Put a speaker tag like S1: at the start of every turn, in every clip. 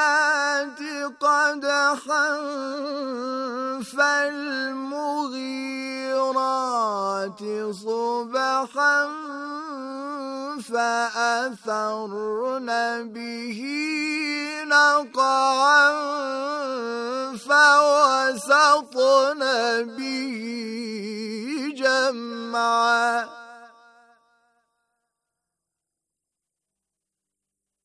S1: النَّاسِ قَدْحًا فَالْمُغِيرَاتِ صُبْحًا فَأَثَرْنَ بِهِ نَقْعًا فَوَسَطْنَ بِهِ جَمْعًا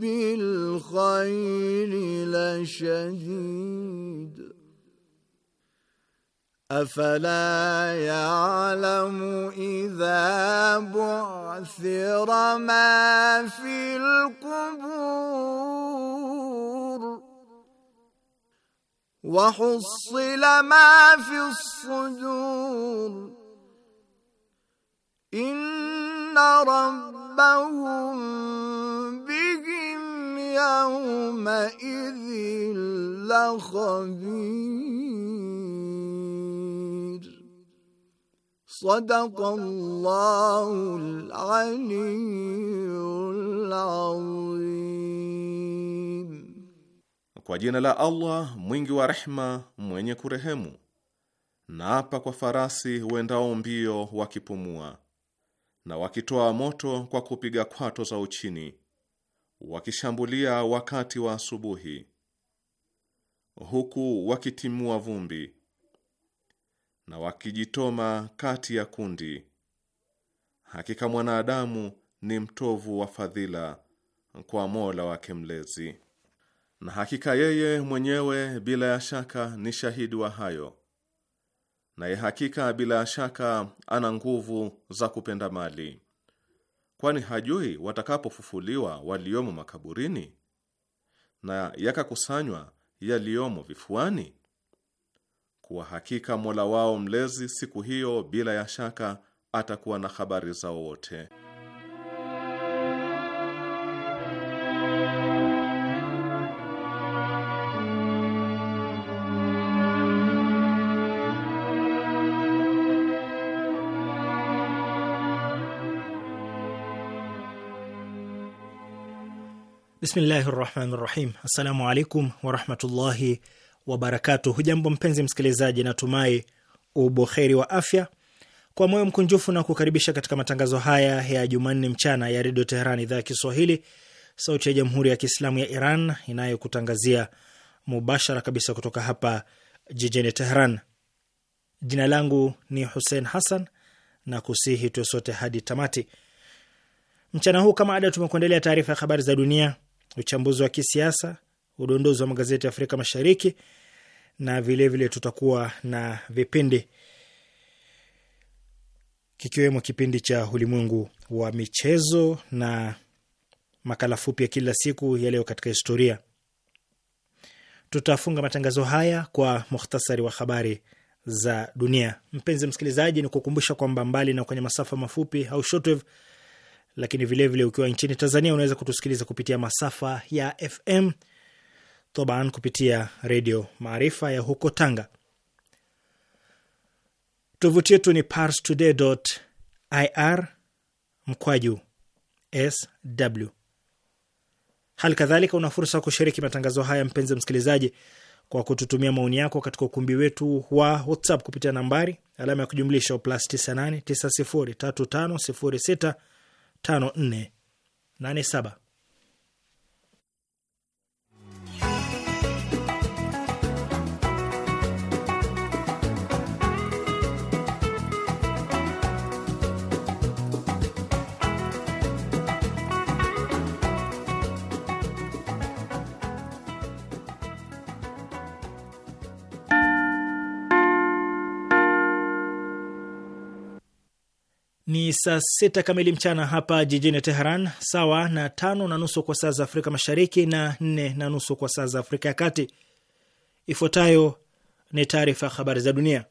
S1: بالخير لشديد أفلا يعلم إذا بعثر ما في القبور وحصل ما في الصدور إن ربهم بهم Kwa jina
S2: la Allah mwingi wa rehma mwenye kurehemu. Naapa kwa farasi wendao mbio wakipumua na wakitoa moto kwa kupiga kwato za uchini wakishambulia wakati wa asubuhi, huku wakitimua vumbi na wakijitoma kati ya kundi. Hakika mwanadamu ni mtovu wa fadhila kwa Mola wake Mlezi, na hakika yeye mwenyewe bila ya shaka ni shahidi wa hayo, naye hakika bila ya shaka ana nguvu za kupenda mali kwani hajui watakapofufuliwa waliomo makaburini na yakakusanywa yaliyomo vifuani? Kwa hakika Mola wao mlezi siku hiyo bila ya shaka atakuwa na habari zao wote.
S3: Bismillahi rahmani rahim. Assalamu alaikum warahmatullahi wabarakatu. Hujambo mpenzi msikilizaji, natumai uboheri wa afya. Kwa moyo mkunjufu na kukaribisha katika matangazo haya ya Jumanne mchana ya redio Teheran, idhaa ya Kiswahili, sauti ya jamhuri ya Kiislamu ya Iran inayokutangazia mubashara kabisa kutoka hapa jijini Teheran. Jina langu ni Hussein Hassan na kusihi tuwe sote hadi tamati mchana huu. Kama ada, tumekuendelea taarifa ya habari za dunia uchambuzi wa kisiasa, udondozi wa magazeti ya Afrika Mashariki na vilevile vile tutakuwa na vipindi kikiwemo kipindi cha ulimwengu wa michezo na makala fupi ya kila siku ya leo katika historia. Tutafunga matangazo haya kwa muhtasari wa habari za dunia. Mpenzi msikilizaji, ni kukumbusha kwamba mbali na kwenye masafa mafupi au shortwave lakini vilevile vile ukiwa nchini Tanzania unaweza kutusikiliza kupitia masafa ya FM toban kupitia Redio Maarifa ya huko Tanga. Tovuti yetu ni parstoday.ir mkwaju sw. Hali kadhalika una fursa ya kushiriki matangazo haya, mpenzi msikilizaji, kwa kututumia maoni yako katika ukumbi wetu wa WhatsApp kupitia nambari alama ya kujumlisha plus 98 tano nne 5487. Ni saa sita kamili mchana hapa jijini Teheran, sawa na tano na nusu kwa saa za Afrika Mashariki na nne na nusu kwa saa za Afrika ya Kati. Ifuatayo ni taarifa ya habari za dunia,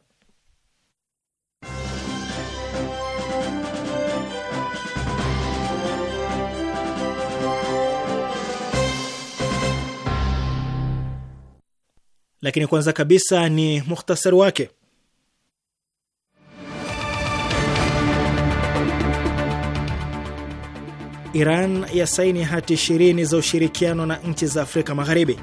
S3: lakini kwanza kabisa ni muhtasari wake. Iran yasaini hati ishirini za ushirikiano na nchi za Afrika Magharibi.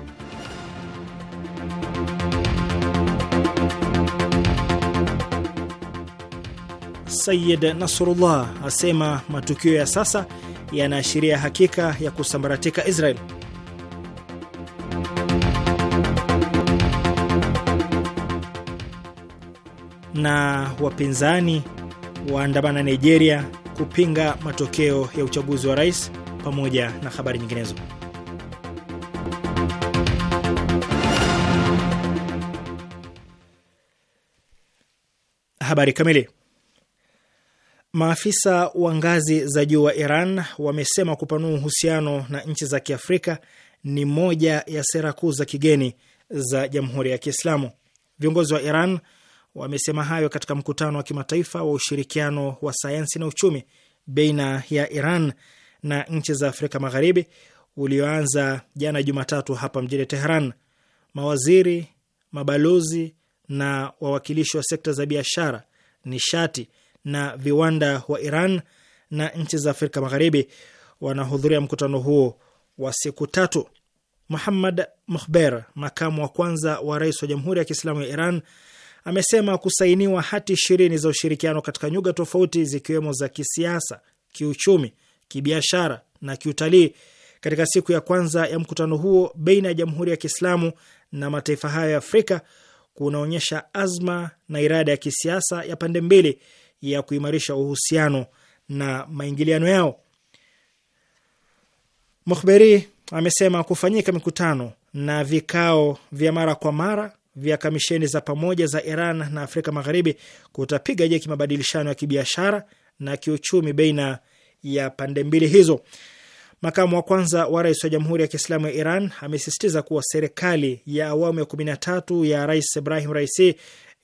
S3: Sayid Nasrullah asema matukio ya sasa yanaashiria hakika ya kusambaratika Israel. Na wapinzani waandamana Nigeria kupinga matokeo ya uchaguzi wa rais pamoja na habari nyinginezo. Habari kamili. Maafisa wa ngazi za juu wa Iran wamesema kupanua uhusiano na nchi za Kiafrika ni moja ya sera kuu za kigeni za Jamhuri ya Kiislamu. Viongozi wa Iran wamesema hayo katika mkutano wa kimataifa wa ushirikiano wa sayansi na uchumi baina ya Iran na nchi za Afrika Magharibi ulioanza jana Jumatatu hapa mjini Teheran. Mawaziri, mabalozi na wawakilishi wa sekta za biashara, nishati na viwanda wa Iran na nchi za Afrika Magharibi wanahudhuria mkutano huo wa siku tatu. Muhammad Mukhber, makamu wa kwanza wa rais wa Jamhuri ya Kiislamu ya Iran amesema kusainiwa hati ishirini za ushirikiano katika nyuga tofauti zikiwemo za kisiasa, kiuchumi, kibiashara na kiutalii katika siku ya kwanza ya mkutano huo baina ya Jamhuri ya Kiislamu na mataifa hayo ya Afrika kunaonyesha azma na irada ya kisiasa ya pande mbili ya kuimarisha uhusiano na maingiliano yao. Mukhberi amesema kufanyika mikutano na vikao vya mara kwa mara vya kamisheni za pamoja za Iran na Afrika Magharibi kutapiga jeki mabadilishano ya kibiashara na kiuchumi baina ya pande mbili hizo. Makamu wa kwanza wa rais wa Jamhuri ya Kiislamu ya Iran amesisitiza kuwa serikali ya awamu ya kumi na tatu ya Rais Ibrahim Raisi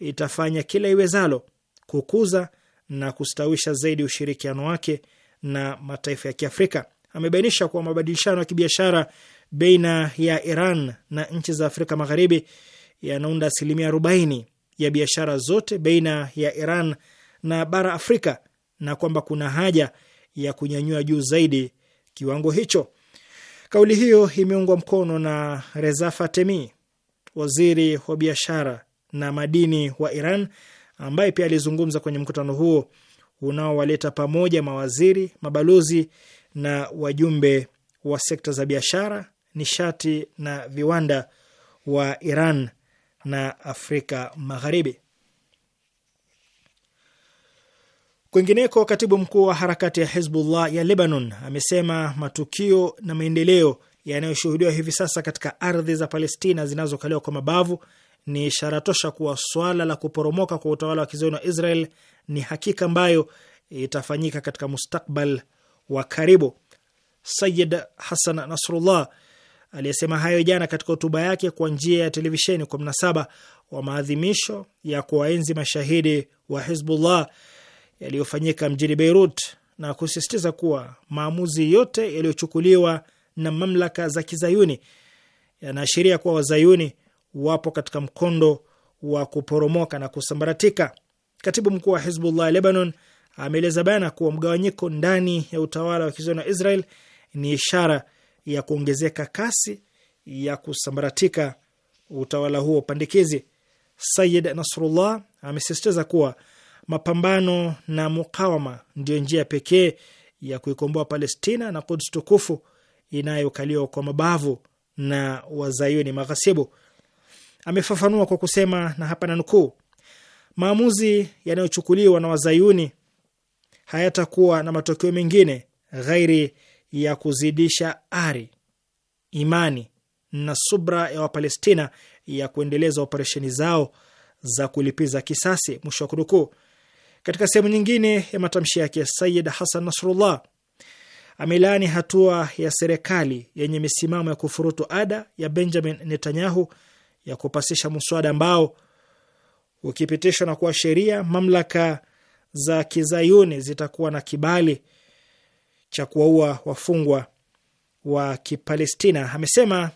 S3: itafanya kila iwezalo kukuza na kustawisha zaidi ushirikiano wake na mataifa ya Kiafrika. Amebainisha kuwa mabadilishano ya kibiashara baina ya Iran na nchi za Afrika Magharibi yanaunda asilimia 40 ya biashara zote baina ya Iran na bara Afrika na kwamba kuna haja ya kunyanyua juu zaidi kiwango hicho. Kauli hiyo imeungwa mkono na Reza Fatemi, waziri wa biashara na madini wa Iran, ambaye pia alizungumza kwenye mkutano huo unaowaleta pamoja mawaziri, mabalozi na wajumbe wa sekta za biashara, nishati na viwanda wa Iran na Afrika Magharibi. Kwingineko, katibu mkuu wa harakati ya Hizbullah ya Lebanon amesema matukio na maendeleo yanayoshuhudiwa hivi sasa katika ardhi za Palestina zinazokaliwa kwa mabavu ni ishara tosha kuwa swala la kuporomoka kwa utawala wa kizayuni wa Israel ni hakika ambayo itafanyika katika mustakbal wa karibu. Sayid Hassan Nasrullah aliyesema hayo jana katika hotuba yake kwa njia ya televisheni kwa mnasaba wa maadhimisho ya kuwaenzi mashahidi wa Hizbullah yaliyofanyika mjini Beirut na kusisitiza kuwa maamuzi yote yaliyochukuliwa na mamlaka za kizayuni yanaashiria kuwa wazayuni wapo katika mkondo wa kuporomoka na kusambaratika. Katibu mkuu wa Hizbullah Lebanon ameeleza bayana kuwa mgawanyiko ndani ya utawala wa kizayuni wa Israel ni ishara ya kuongezeka kasi ya kusambaratika utawala huo pandikizi. Sayid Nasrullah amesisitiza kuwa mapambano na mukawama ndiyo njia pekee ya kuikomboa Palestina na Kuds tukufu inayokaliwa kwa mabavu na wazayuni maghasibu. Amefafanua kwa kusema, na hapa nukuu, maamuzi yanayochukuliwa na wazayuni hayatakuwa na matokeo mengine ghairi ya kuzidisha ari, imani na subra ya Wapalestina ya kuendeleza operesheni zao za kulipiza kisasi, mwisho wa kunukuu. Katika sehemu nyingine ya matamshi yake, Sayid Hasan Nasrullah amelaani hatua ya serikali yenye misimamo ya kufurutu ada ya Benjamin Netanyahu ya kupasisha mswada ambao ukipitishwa na kuwa sheria, mamlaka za kizayuni zitakuwa na kibali cha kuwaua wafungwa wa Kipalestina. Amesema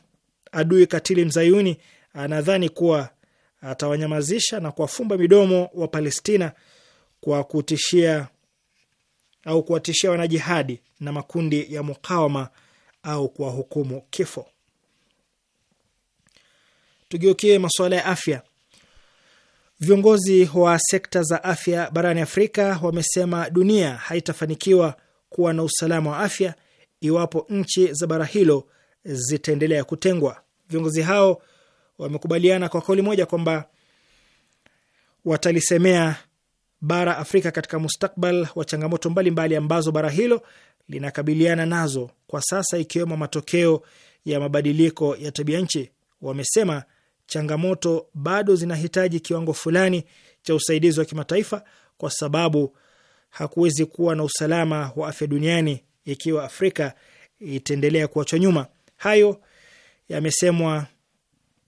S3: adui katili mzayuni anadhani kuwa atawanyamazisha na kuwafumba midomo wa Palestina kwa kutishia au kuwatishia wanajihadi na makundi ya mukawama au kuwahukumu kifo. Tugeukie masuala ya afya. Viongozi wa sekta za afya barani Afrika wamesema dunia haitafanikiwa kuwa na usalama wa afya iwapo nchi za bara hilo zitaendelea kutengwa. Viongozi hao wamekubaliana kwa kauli moja kwamba watalisemea bara Afrika katika mustakbal wa changamoto mbalimbali ambazo bara hilo linakabiliana nazo kwa sasa, ikiwemo matokeo ya mabadiliko ya tabia nchi. Wamesema changamoto bado zinahitaji kiwango fulani cha usaidizi wa kimataifa kwa sababu hakuwezi kuwa na usalama wa afya duniani ikiwa Afrika itaendelea kuachwa nyuma. Hayo yamesemwa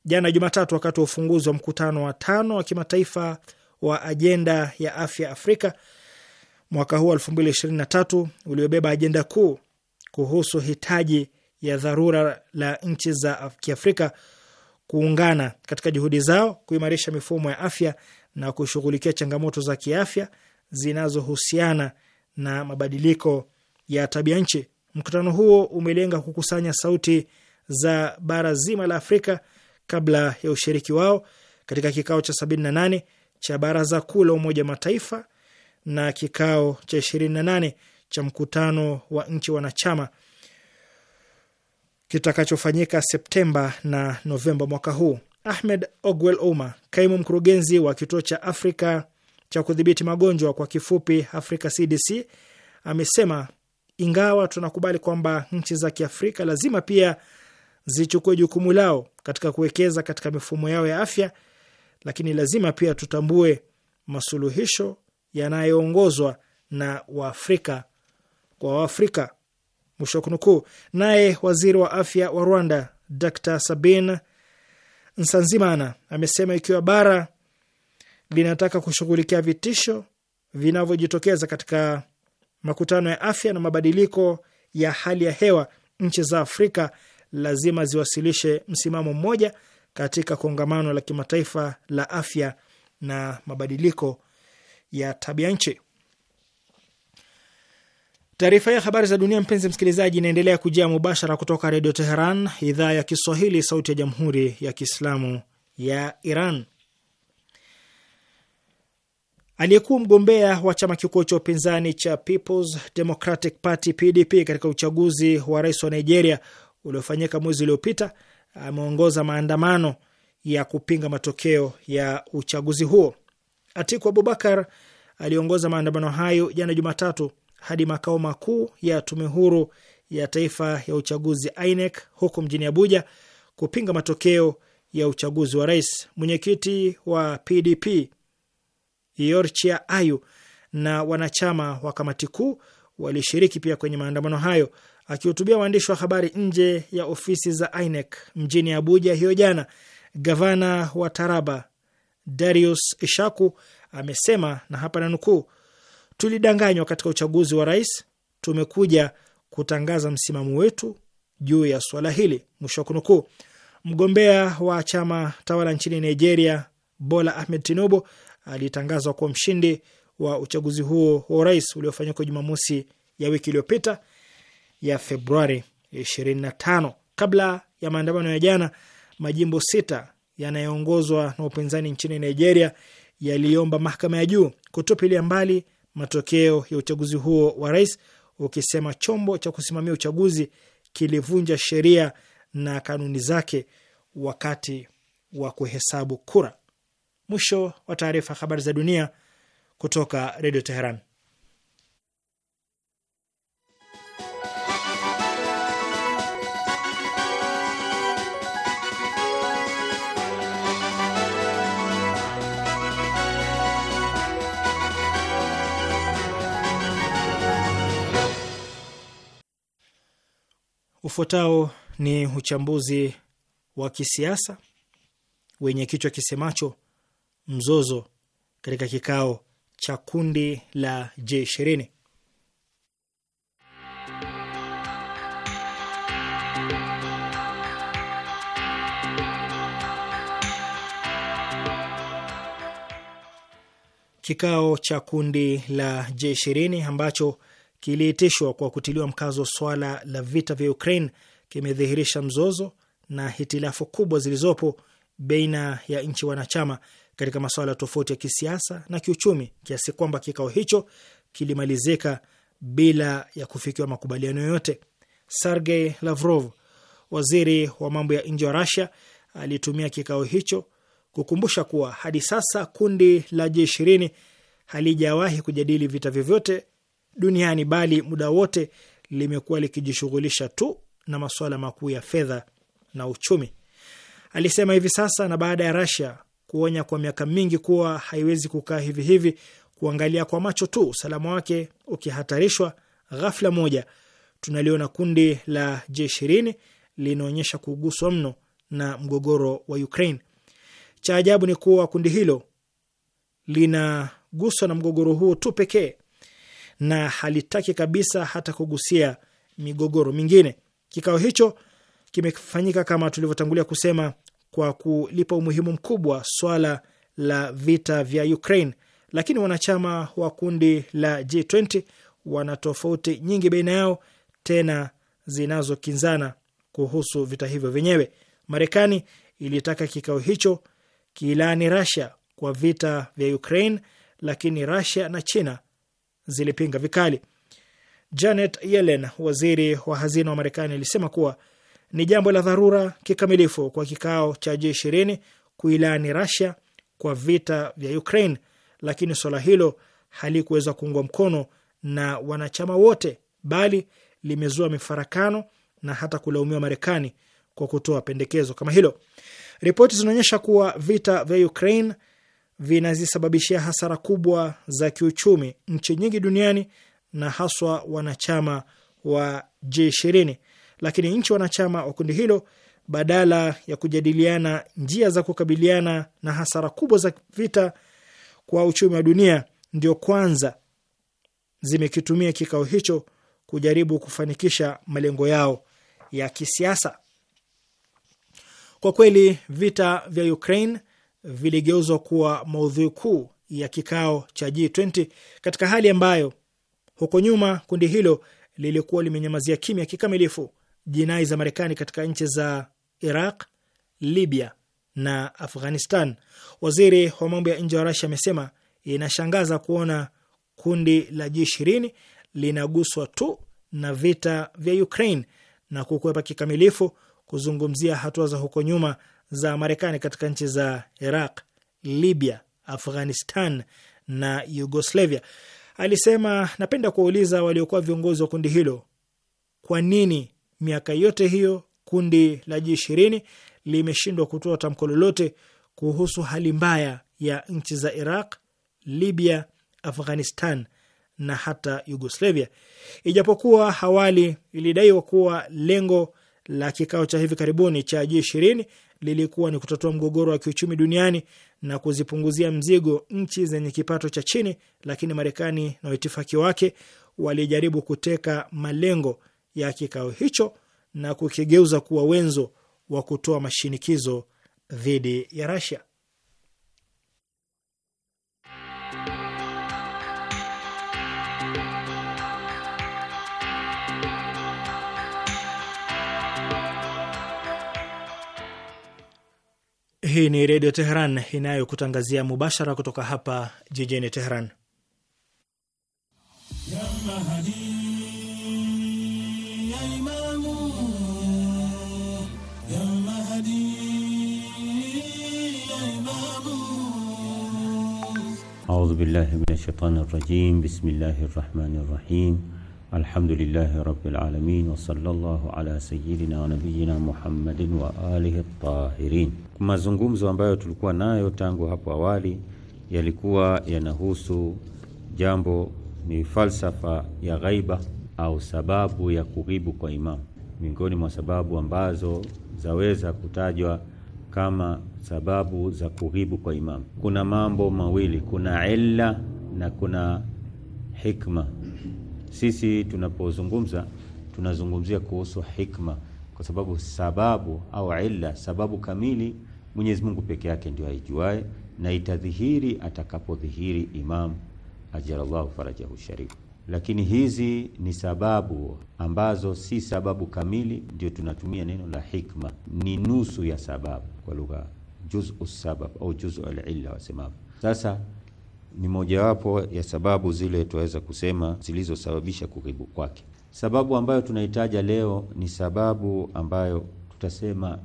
S3: jana Jumatatu wakati wa ufunguzi wa mkutano wa tano wa kimataifa wa ajenda ya afya Afrika mwaka huu tatu uliobeba ajenda kuu kuhusu hitaji ya dharura la nchi za Kiafrika kuungana katika juhudi zao kuimarisha mifumo ya afya na kushughulikia changamoto za kiafya zinazohusiana na mabadiliko ya tabia nchi. Mkutano huo umelenga kukusanya sauti za bara zima la Afrika kabla ya ushiriki wao katika kikao cha 78 cha Baraza Kuu la Umoja wa Mataifa na kikao cha 28 cha mkutano wa nchi wanachama kitakachofanyika Septemba na Novemba mwaka huu. Ahmed Ogwel Omar, kaimu mkurugenzi wa kituo cha afrika cha kudhibiti magonjwa kwa kifupi Africa CDC, amesema ingawa tunakubali kwamba nchi za Kiafrika lazima pia zichukue jukumu lao katika kuwekeza katika mifumo yao ya afya, lakini lazima pia tutambue masuluhisho yanayoongozwa na Waafrika kwa Waafrika, mwisho wa kunukuu. Naye waziri wa afya wa Rwanda Dr Sabin Nsanzimana amesema ikiwa bara linataka kushughulikia vitisho vinavyojitokeza katika makutano ya afya na mabadiliko ya hali ya hewa. Nchi za Afrika lazima ziwasilishe msimamo mmoja katika kongamano la kimataifa la afya na mabadiliko ya tabia nchi. Taarifa ya habari za dunia, mpenzi msikilizaji, inaendelea kujia mubashara kutoka Redio Teheran, idhaa ya Kiswahili, sauti ya jamhuri ya kiislamu ya Iran. Aliyekuwa mgombea wa chama kikuu cha upinzani cha Peoples Democratic Party PDP katika uchaguzi wa rais wa Nigeria uliofanyika mwezi uliopita ameongoza maandamano ya kupinga matokeo ya uchaguzi huo. Atiku Abubakar aliongoza maandamano hayo jana Jumatatu hadi makao makuu ya tume huru ya taifa ya uchaguzi INEC huko mjini Abuja kupinga matokeo ya uchaguzi wa rais. Mwenyekiti wa PDP Yorchia Ayu na wanachama wa kamati kuu walishiriki pia kwenye maandamano hayo. Akihutubia waandishi wa habari nje ya ofisi za INEC mjini Abuja hiyo jana, gavana wa Taraba Darius Ishaku amesema, na hapa na nukuu, tulidanganywa katika uchaguzi wa rais. Tumekuja kutangaza msimamo wetu juu ya swala hili, mwisho wa kunukuu. Mgombea wa chama tawala nchini Nigeria Bola Ahmed Tinubu alitangazwa kuwa mshindi wa uchaguzi huo wa urais uliofanyika Jumamosi ya wiki iliyopita ya Februari 25. Kabla ya maandamano ya jana, majimbo sita yanayoongozwa na upinzani nchini Nigeria yaliomba mahakama ya juu kutupilia mbali matokeo ya uchaguzi huo wa rais, ukisema chombo cha kusimamia uchaguzi kilivunja sheria na kanuni zake wakati wa kuhesabu kura. Mwisho wa taarifa. Habari za dunia kutoka Redio Teheran. Ufuatao ni uchambuzi wa kisiasa wenye kichwa kisemacho mzozo katika kikao cha kundi la j ishirini Kikao cha kundi la J 20 ambacho kiliitishwa kwa kutiliwa mkazo swala la vita vya Ukraine kimedhihirisha mzozo na hitilafu kubwa zilizopo baina ya nchi wanachama katika masuala tofauti ya kisiasa na kiuchumi kiasi kwamba kikao hicho kilimalizika bila ya kufikiwa makubaliano yoyote. Sergey Lavrov, waziri wa mambo ya nje wa rasia alitumia kikao hicho kukumbusha kuwa hadi sasa kundi la j ishirini halijawahi kujadili vita vyovyote duniani, bali muda wote limekuwa likijishughulisha tu na masuala makuu ya fedha na uchumi. Alisema hivi sasa na baada ya rasia kuonya kwa miaka mingi kuwa haiwezi kukaa hivi hivi kuangalia kwa macho tu usalama wake ukihatarishwa. Ghafla moja tunaliona kundi la J ishirini linaonyesha kuguswa mno na mgogoro wa Ukraine. Cha ajabu ni kuwa kundi hilo linaguswa na mgogoro huo tu pekee na halitaki kabisa hata kugusia migogoro mingine. Kikao hicho kimefanyika kama tulivyotangulia kusema kwa kulipa umuhimu mkubwa swala la vita vya Ukraine, lakini wanachama wa kundi la G20 wana tofauti nyingi baina yao, tena zinazokinzana kuhusu vita hivyo vyenyewe. Marekani ilitaka kikao hicho kiilani Russia kwa vita vya Ukraine, lakini Russia na China zilipinga vikali. Janet Yellen, waziri wa hazina wa Marekani, alisema kuwa ni jambo la dharura kikamilifu kwa kikao cha G20 kuilani Russia kwa vita vya Ukraine, lakini swala hilo halikuweza kuungwa mkono na wanachama wote, bali limezua mifarakano na hata kulaumiwa Marekani kwa kutoa pendekezo kama hilo. Ripoti zinaonyesha kuwa vita vya Ukraine vinazisababishia hasara kubwa za kiuchumi nchi nyingi duniani na haswa wanachama wa g ishirini lakini nchi wanachama wa kundi hilo badala ya kujadiliana njia za kukabiliana na hasara kubwa za vita kwa uchumi wa dunia, ndio kwanza zimekitumia kikao hicho kujaribu kufanikisha malengo yao ya kisiasa. Kwa kweli, vita vya Ukraine viligeuzwa kuwa maudhui kuu ya kikao cha G20 katika hali ambayo huko nyuma kundi hilo lilikuwa limenyamazia kimya kikamilifu jinai za Marekani katika nchi za Iraq, Libya na Afghanistan. Waziri wa mambo ya nje wa Rasia amesema inashangaza kuona kundi la G ishirini linaguswa tu na vita vya Ukraine na kukwepa kikamilifu kuzungumzia hatua za huko nyuma za Marekani katika nchi za Iraq, Libya, Afghanistan na Yugoslavia. Alisema, napenda kuwauliza waliokuwa viongozi wa kundi hilo kwa nini Miaka yote hiyo kundi la ji ishirini limeshindwa kutoa tamko lolote kuhusu hali mbaya ya nchi za Iraq, Libya, Afghanistan na hata Yugoslavia, ijapokuwa awali ilidaiwa kuwa lengo la kikao cha hivi karibuni cha ji ishirini lilikuwa ni kutatua mgogoro wa kiuchumi duniani na kuzipunguzia mzigo nchi zenye kipato cha chini, lakini Marekani na waitifaki wake walijaribu kuteka malengo ya kikao hicho na kukigeuza kuwa wenzo wa kutoa mashinikizo dhidi ya Russia. Hii ni Redio Teheran inayokutangazia mubashara kutoka hapa jijini Teheran.
S4: أعوذ بالله من الشيطان الرجيم بسم الله الرحمن الرحيم الحمد لله رب العالمين وصلى الله على سيدنا ونبينا محمد وآله الطاهرين mazungumzo ambayo tulikuwa nayo tangu hapo awali yalikuwa yanahusu jambo ni falsafa ya ghaiba au sababu ya kughibu kwa imamu miongoni mwa sababu ambazo zaweza kutajwa kama sababu za kuhibu kwa imamu. Kuna mambo mawili, kuna illa na kuna hikma. Sisi tunapozungumza tunazungumzia kuhusu hikma, kwa sababu sababu au illa, sababu kamili Mwenyezi Mungu peke yake ndio aijuae, na itadhihiri atakapodhihiri Imam ajalallahu farajahu sharif lakini hizi ni sababu ambazo si sababu kamili, ndio tunatumia neno la hikma. Ni nusu ya sababu kwa lugha juzu sabab au juzu alilla wasemavyo. Sasa ni mojawapo ya sababu zile tunaweza kusema zilizosababisha kuribu kwake. Sababu ambayo tunaitaja leo ni sababu ambayo tutasema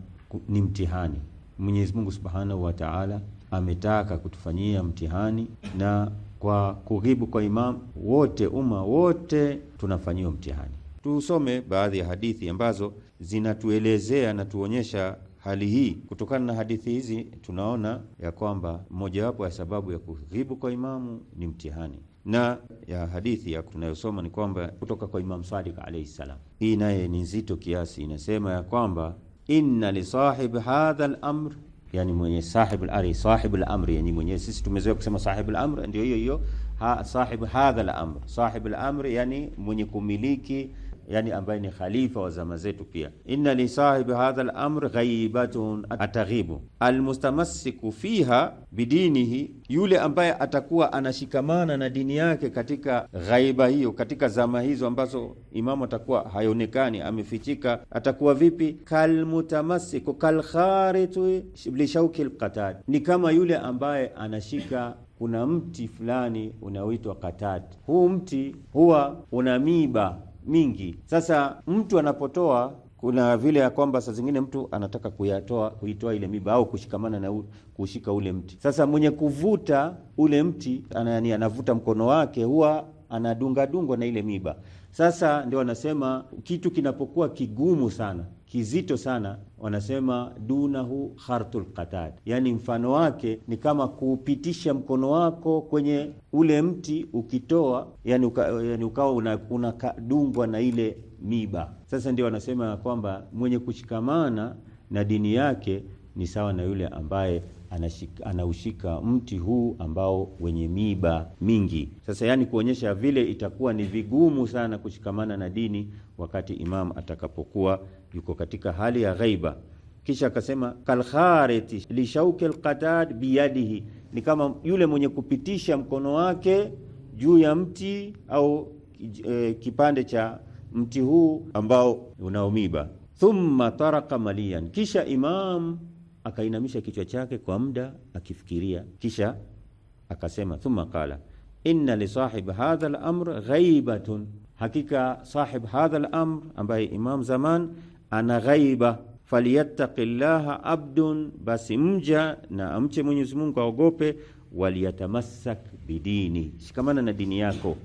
S4: ni mtihani. Mwenyezi Mungu Subhanahu wa Ta'ala ametaka kutufanyia mtihani na kwa kughibu kwa imam wote, umma wote tunafanyiwa mtihani. Tusome baadhi ya hadithi ambazo zinatuelezea na tuonyesha hali hii. Kutokana na hadithi hizi, tunaona ya kwamba mojawapo ya sababu ya kughibu kwa imamu ni mtihani, na ya hadithi ya tunayosoma ni kwamba kutoka kwa Imam Sadiq alayhi salam, hii naye ni nzito kiasi, inasema ya kwamba inna lisahib hadha al-amr yani mwenye sahibu al-amri, sahibu al-amri, yani mwenye sisi tumezoea kusema sahibu al-amri ndio hiyo hiyo ha, sahibu hadha al-amr, sahibu al-amri yani mwenye kumiliki yani ambaye ni khalifa wa zama zetu pia. Inna li sahibi hadha al-amr ghaibatun ataghibu almustamassiku fiha bidinihi, yule ambaye atakuwa anashikamana na dini yake katika ghaiba hiyo, katika zama hizo ambazo imamu atakuwa hayonekani amefichika, atakuwa vipi? Kalmutamassiku kalkharitu lishauki lqatad, ni kama yule ambaye anashika kuna mti fulani unaoitwa katati. Huu mti huwa una miba mingi. Sasa mtu anapotoa kuna vile ya kwamba saa zingine mtu anataka kuyatoa kuitoa ile miba au kushikamana na u, kushika ule mti. Sasa mwenye kuvuta ule mti anani, anavuta mkono wake huwa anadungadungwa na ile miba. Sasa ndio anasema kitu kinapokuwa kigumu sana kizito sana, wanasema dunahu khartul qatad, yani mfano wake ni kama kupitisha mkono wako kwenye ule mti ukitoa, yani uka, yani ukawa unadungwa una na ile miba. Sasa ndio wanasema ya kwamba mwenye kushikamana na dini yake ni sawa na yule ambaye anashika, anaushika mti huu ambao wenye miba mingi. Sasa yani kuonyesha vile itakuwa ni vigumu sana kushikamana na dini wakati imam atakapokuwa yuko katika hali ya ghaiba. Kisha akasema kalkhareti lishauki alqatad biyadihi, ni kama yule mwenye kupitisha mkono wake juu ya mti au e, kipande cha mti huu ambao unaomiba. Thumma taraka malian, kisha Imam akainamisha kichwa chake kwa muda akifikiria, kisha akasema thumma qala inna li sahib hadha al-amr ghaibatun, hakika sahib hadha al-amr ambaye Imam Zaman ana ghaiba falyattaqillaha abdun, basi mja na amche Mwenyezi Mungu aogope. Waliyatamassak bidini, shikamana na dini yako,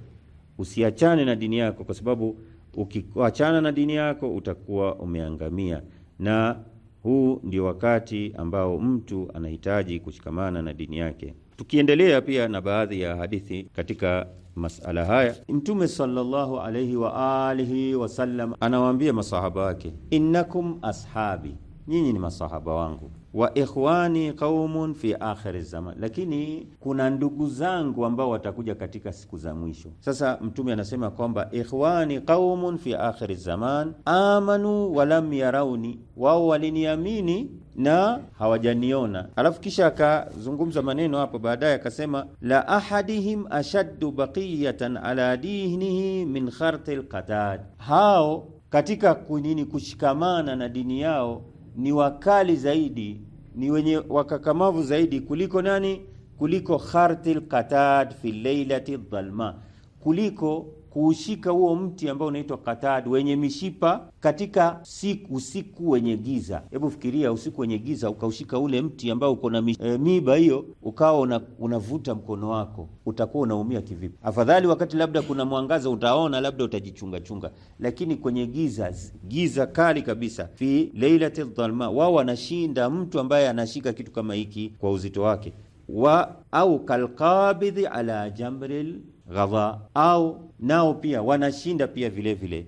S4: usiachane na dini yako, kwa sababu ukiachana na dini yako utakuwa umeangamia. Na huu ndio wakati ambao mtu anahitaji kushikamana na dini yake. Tukiendelea pia na baadhi ya hadithi katika masala haya. Mtume sallallahu alayhi wa alihi wasallam anawaambia masahaba wake, innakum ashabi, nyinyi ni masahaba wangu wa ikhwani qaumun fi akhir zaman, lakini kuna ndugu zangu ambao watakuja katika siku za mwisho. Sasa Mtume anasema kwamba ikhwani qaumun fi akhir zaman amanu walam yarauni, wao waliniamini na hawajaniona. Alafu kisha akazungumza maneno hapo baadaye, akasema la ahadihim ashaddu baqiyatan ala dinihi min kharti qatad, hao katika kunini kushikamana na dini yao ni wakali zaidi ni wenye wakakamavu zaidi kuliko nani? Kuliko khartil qatad fi laylati dhalma, kuliko kuushika huo mti ambao unaitwa katad wenye mishipa katika siku usiku wenye giza. Hebu fikiria usiku wenye giza, ukaushika ule mti ambao uko na e, eh, miiba hiyo, ukawa una, unavuta mkono wako, utakuwa unaumia kivipi? Afadhali wakati labda kuna mwangaza, utaona labda utajichunga chunga, lakini kwenye giza, giza kali kabisa, fi leilati dhalma, wao wanashinda mtu ambaye anashika kitu kama hiki kwa uzito wake wa au kalqabidhi ala jamril ghadha au nao pia wanashinda pia vile vile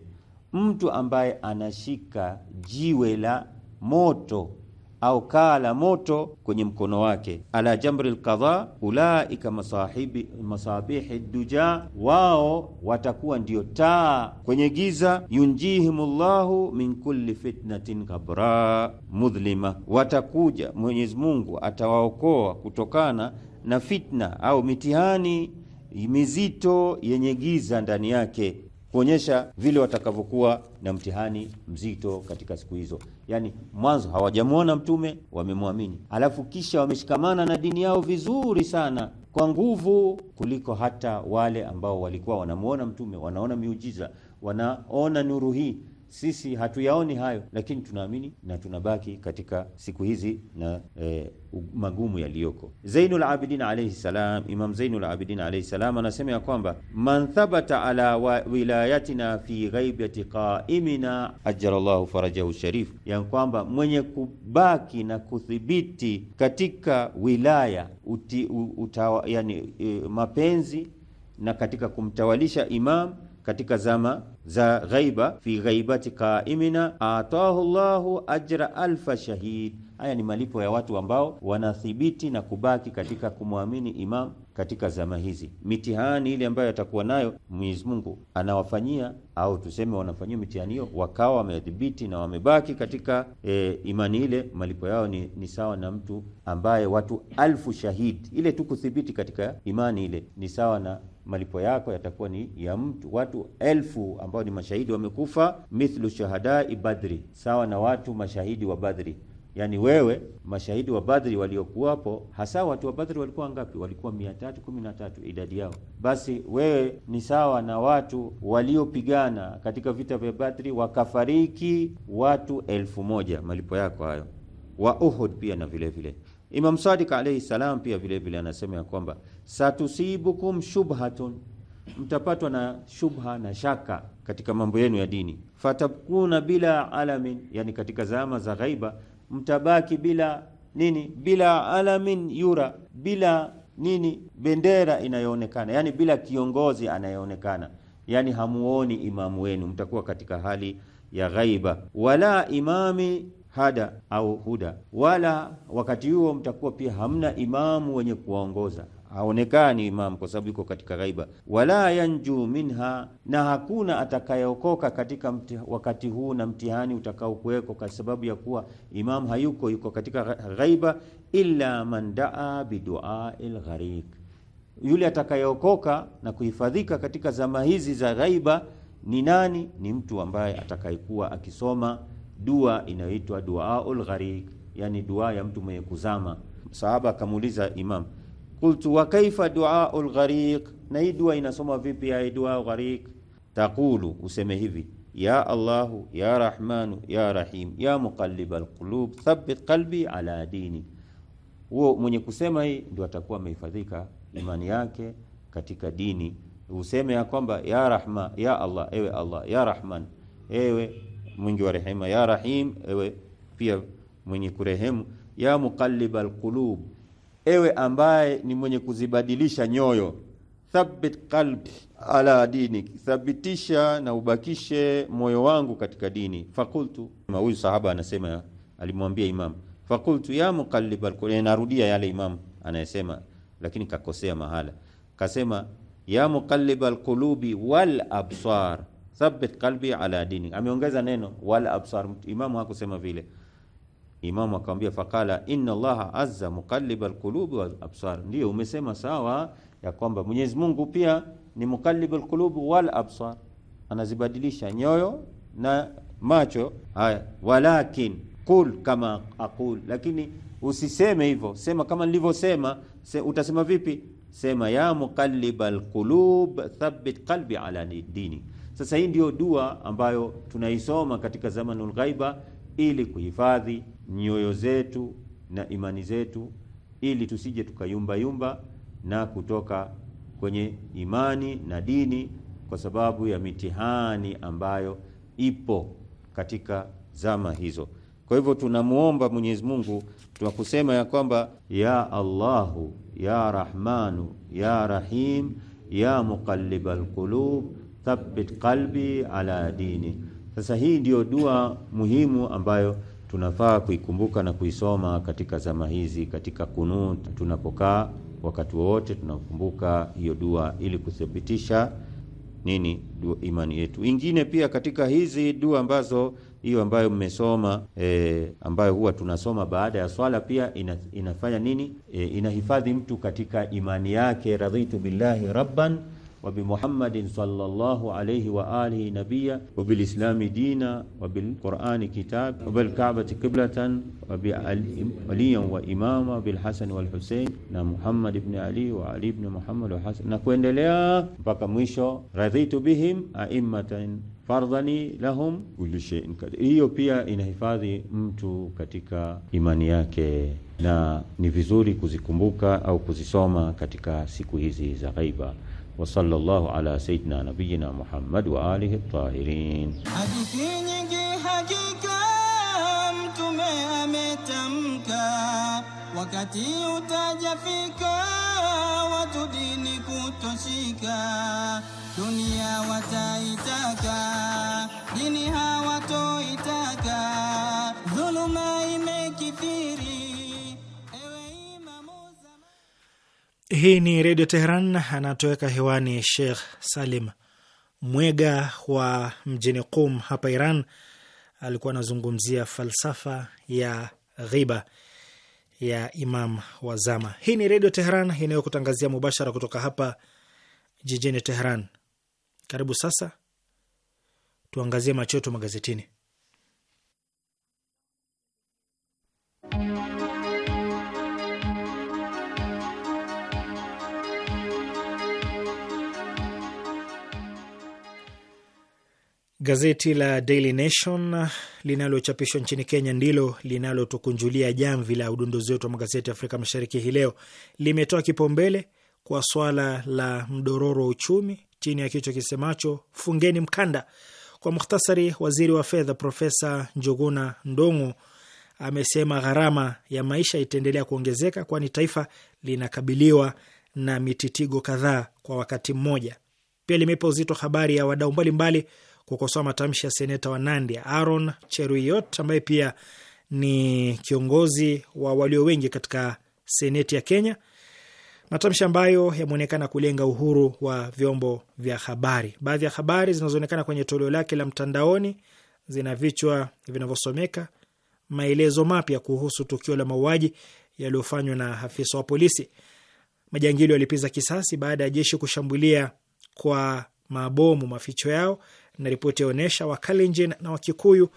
S4: mtu ambaye anashika jiwe la moto au kaa la moto kwenye mkono wake, ala jamri lqadha ulaika masahibi masabihi duja, wao watakuwa ndio taa kwenye giza. Yunjihim llahu min kulli fitnatin kabra mudhlima, watakuja Mwenyezi Mungu atawaokoa kutokana na fitna au mitihani mizito yenye giza ndani yake kuonyesha vile watakavyokuwa na mtihani mzito katika siku hizo. Yaani mwanzo hawajamwona mtume, wamemwamini, alafu kisha wameshikamana na dini yao vizuri sana kwa nguvu kuliko hata wale ambao walikuwa wanamwona mtume, wanaona miujiza, wanaona nuru hii sisi hatuyaoni hayo, lakini tunaamini na tunabaki katika siku hizi na e, magumu yaliyoko. Zainul Abidin alayhi salam, Imam Zainul Abidin salam anasema ya kwamba man thabata ala wilayatina fi ghaibati qaimina llahu farajahu sharif, ya kwamba mwenye kubaki na kuthibiti katika wilaya uti, utawa, yani, e, mapenzi na katika kumtawalisha imam katika zama za ghaiba, fi ghaibati qaimina atahu Allahu ajra alfa shahid. Haya ni malipo ya watu ambao wanathibiti na kubaki katika kumwamini Imam katika zama hizi. Mitihani ile ambayo yatakuwa nayo Mwenyezi Mungu anawafanyia au tuseme wanafanyia mitihani hiyo, wakawa wamedhibiti na wamebaki katika e, imani ile, malipo yao ni, ni sawa na mtu ambaye watu alfu shahid, ile tu kudhibiti katika imani ile ni sawa na malipo yako yatakuwa ni ya mtu watu elfu ambao ni mashahidi wamekufa, mithlu shahadai Badri, sawa na watu mashahidi wa Badri. Yaani wewe mashahidi wa Badri waliokuwapo, hasa watu wa Badri walikuwa ngapi? Walikuwa mia tatu kumi na tatu idadi yao. Basi wewe ni sawa na watu waliopigana katika vita vya Badri wakafariki watu elfu moja. Malipo yako hayo. Wa Uhud pia na vile vile Imam Sadiq alayhi salam pia vile vile anasema ya kwamba satusibukum shubhatun, mtapatwa na shubha na shaka katika mambo yenu ya dini. Fatabkuna bila alamin, yani katika zama za ghaiba mtabaki bila nini? Bila alamin yura, bila nini? Bendera inayoonekana, yani bila kiongozi anayeonekana, yani hamuoni imamu wenu, mtakuwa katika hali ya ghaiba. Wala imami hada au huda, wala wakati huo mtakuwa pia hamna imamu wenye kuwaongoza haonekani imamu kwa sababu yuko katika ghaiba. Wala yanju minha, na hakuna atakayeokoka katika mti, wakati huu na mtihani utakaokuweko kwa sababu ya kuwa imamu hayuko, yuko katika ghaiba. Illa man daa bidua gharik, yule atakayeokoka na kuhifadhika katika zama hizi za ghaiba ni nani? Ni mtu ambaye atakayekuwa akisoma dua inayoitwa duaul gharik, yani dua ya mtu mwenye kuzama. Sahaba akamuuliza Imam, qultu wa kaifa duaul gharik, na hii dua inasoma vipi? Ya dua gharik, taqulu, useme hivi ya Allahu ya Rahmanu ya Rahim ya muqallibal qulub thabbit qalbi ala dini. Huo mwenye kusema hii ndio atakuwa amehifadhika imani yake katika dini. Useme ya kwamba ya Rahma ya Allah, ewe Allah ya Rahman, ewe mwingi wa rehema, ya rahim, ewe pia mwenye kurehemu, ya muqallibal qulub, ewe ambaye ni mwenye kuzibadilisha nyoyo, thabbit qalbi ala dini thabitisha na ubakishe moyo wangu katika dini. Fakultu, huyu sahaba anasema, alimwambia Imam, fakultu ya muqallibal qulub, eh, narudia yale Imam anayesema, lakini kakosea mahala, kasema ya muqallibal qulubi wal absar thabbit qalbi ala dini. Ameongeza neno wala absar. Imamu hakusema vile. Imamu akamwambia faqala inna Allaha azza muqallib alqulubi wal absar. Ndio umesema sawa ya kwamba Mwenyezi Mungu pia ni muqallib alqulub wal absar, anazibadilisha nyoyo na macho haya. Walakin qul kama aqul, lakini usiseme hivyo, sema kama nilivyosema. Se, utasema vipi? Sema ya muqallib alqulub thabbit qalbi ala dini sasa hii ndiyo dua ambayo tunaisoma katika zamanul ghaiba ili kuhifadhi nyoyo zetu na imani zetu, ili tusije tukayumbayumba na kutoka kwenye imani na dini kwa sababu ya mitihani ambayo ipo katika zama hizo. Kwa hivyo tunamwomba Mwenyezi Mungu twa kusema ya kwamba ya Allahu ya Rahmanu ya Rahim ya Muqallibal Qulub thabbit qalbi ala dini. Sasa hii ndio dua muhimu ambayo tunafaa kuikumbuka na kuisoma katika zama hizi, katika kunut tunapokaa, wakati wowote tunakumbuka hiyo dua ili kuthibitisha nini dua imani yetu. Ingine pia katika hizi dua ambazo hiyo ambayo mmesoma e, ambayo huwa tunasoma baada ya swala pia ina, inafanya nini e, inahifadhi mtu katika imani yake, radhitu billahi rabban wa wa wa wa bi Muhammadin sallallahu alayhi alihi nabiyya bil وبمحمد صلى الله عليه وآله نبيا وبالإسلام دينا وبالقرآن كتاب wa imama bil Hasan wal والحسين na Muhammad ibn Ali wa Ali ibn Muhammad wa Hasan na kuendelea mpaka mwisho. Radhitu bihim aimmatan fardhani lahum kulli shay'in kadir. Hiyo pia inahifadhi mtu katika imani yake na ni vizuri kuzikumbuka au kuzisoma katika siku hizi za ghaiba. وصلى الله على سيدنا نبينا Muhammad wa alihi الطاهرين.
S1: Hadithi
S5: nyingi hakika mtume wakati utajafika watu dini kutoshika, dunia wataitaka dini hawatoitaka, dhuluma imekithiri
S3: Hii ni Redio Teheran. Anatoweka hewani Sheikh Salim Mwega wa mjini Qum hapa Iran. Alikuwa anazungumzia falsafa ya ghiba ya Imam Wazama. Hii ni Redio Teheran inayokutangazia mubashara kutoka hapa jijini Teheran. Karibu sasa tuangazie macho yetu magazetini. Gazeti la Daily Nation linalochapishwa nchini Kenya ndilo linalotukunjulia jamvi la udondozi wetu wa magazeti ya Afrika Mashariki hii leo. Limetoa kipaumbele kwa swala la mdororo wa uchumi chini ya kichwa kisemacho fungeni mkanda. Kwa mukhtasari, waziri wa fedha Profesa Njuguna Ndong'u amesema gharama ya maisha itaendelea kuongezeka, kwani taifa linakabiliwa na mititigo kadhaa kwa wakati mmoja. Pia limepa uzito habari ya wadau mbalimbali kukosoa matamshi ya seneta wa Nandi Aaron Cheruiyot ambaye pia ni kiongozi wa walio wengi katika seneti ya Kenya, matamshi ambayo yameonekana kulenga uhuru wa vyombo vya habari. Baadhi ya habari zinazoonekana kwenye toleo lake la mtandaoni zina vichwa vinavyosomeka maelezo mapya kuhusu tukio la mauaji yaliyofanywa na afisa wa polisi, majangili walipiza kisasi baada ya jeshi kushambulia kwa mabomu maficho yao, na ripoti yaonyesha Wakalenjin na Wakikuyu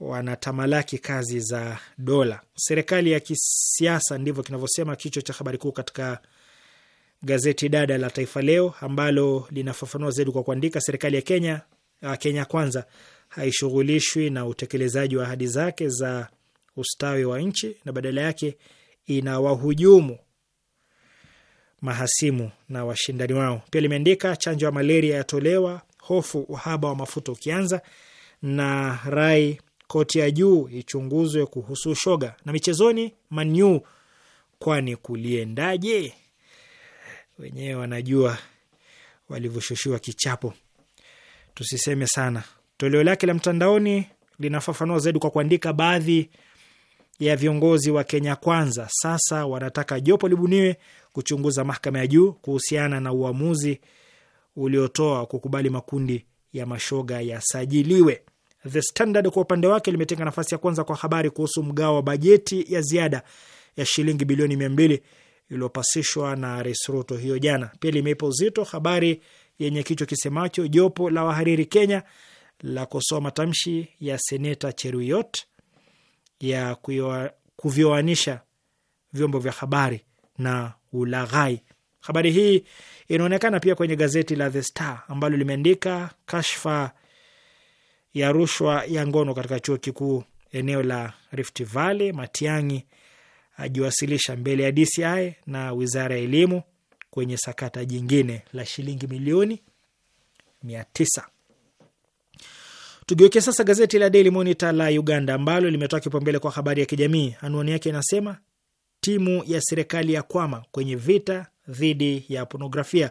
S3: wanatamalaki kazi za dola. Serikali ya kisiasa, ndivyo kinavyosema kichwa cha habari kuu katika gazeti dada la Taifa Leo, ambalo linafafanua zaidi kwa kuandika, serikali ya Kenya, ah, Kenya Kwanza haishughulishwi na utekelezaji wa ahadi zake za ustawi wa nchi na badala yake inawahujumu mahasimu na washindani wao. Pia limeandika chanjo ya malaria yatolewa hofu uhaba wa mafuta ukianza, na rai koti ya juu ichunguzwe kuhusu shoga. Na michezoni, Manyu kwani kuliendaje? Wenyewe wanajua walivyoshushiwa kichapo. Tusiseme sana. Toleo lake la mtandaoni linafafanua zaidi kwa kuandika, baadhi ya viongozi wa Kenya Kwanza sasa wanataka jopo libuniwe kuchunguza mahakama ya juu kuhusiana na uamuzi uliotoa kukubali makundi ya mashoga yasajiliwe. The Standard kwa upande wake limetenga nafasi ya kwanza kwa habari kuhusu mgao wa bajeti ya ziada ya shilingi bilioni mia mbili iliyopasishwa na Rais Ruto hiyo jana. Pia limeipa uzito habari yenye kichwa kisemacho jopo la wahariri Kenya la kosoa matamshi ya Seneta Cheruiyot ya kuvyoanisha vyombo vya habari na ulaghai. Habari hii inaonekana pia kwenye gazeti la The Star ambalo limeandika kashfa ya rushwa ya ngono katika chuo kikuu eneo la Rift Valley, Matiangi ajiwasilisha mbele ya DCI na wizara ya elimu kwenye sakata jingine la shilingi milioni mia tisa. Tugeukia sasa gazeti la Daily Monitor la Uganda ambalo limetoa kipaumbele kwa habari ya kijamii. Anwani yake inasema timu ya serikali ya kwama kwenye vita dhidi ya ponografia.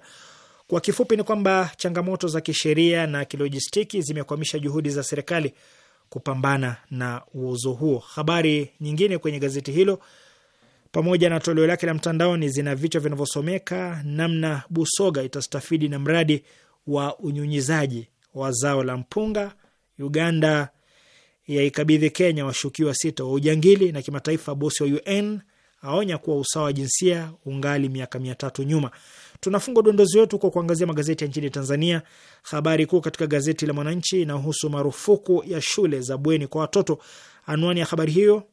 S3: Kwa kifupi, ni kwamba changamoto za kisheria na kilojistiki zimekwamisha juhudi za serikali kupambana na uozo huo. Habari nyingine kwenye gazeti hilo pamoja na toleo lake la mtandaoni zina vichwa vinavyosomeka namna Busoga itastafidi na mradi wa unyunyizaji wa zao la mpunga, Uganda yaikabidhi Kenya washukiwa sita wa ujangili, na kimataifa bosi wa UN aonya kuwa usawa wa jinsia ungali miaka mia tatu nyuma. Tunafunga udondozi wetu kwa kuangazia magazeti ya nchini Tanzania. Habari kuu katika gazeti la Mwananchi inahusu marufuku ya shule za bweni kwa watoto. Anwani ya habari hiyo,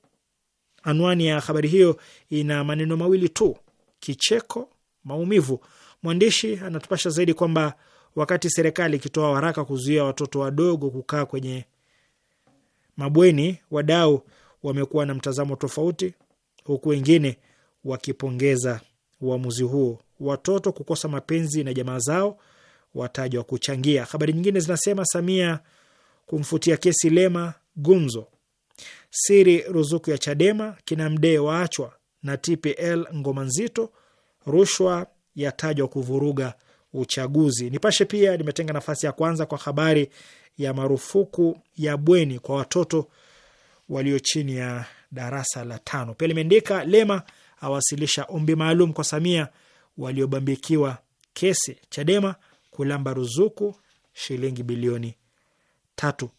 S3: anwani ya habari hiyo ina maneno mawili tu, kicheko, maumivu. Mwandishi anatupasha zaidi kwamba wakati serikali ikitoa waraka kuzuia watoto wadogo kukaa kwenye mabweni, wadau wamekuwa na mtazamo tofauti huku wengine wakipongeza uamuzi huo. Watoto kukosa mapenzi na jamaa zao watajwa kuchangia. Habari nyingine zinasema Samia kumfutia kesi Lema gumzo, siri ruzuku ya Chadema, kina Mdee waachwa na TPL ngoma nzito, rushwa yatajwa kuvuruga uchaguzi. Nipashe pia limetenga nafasi ya kwanza kwa habari ya marufuku ya bweni kwa watoto walio chini ya darasa la tano. Pia limeandika Lema awasilisha ombi maalum kwa Samia waliobambikiwa kesi, Chadema kulamba ruzuku shilingi bilioni tatu.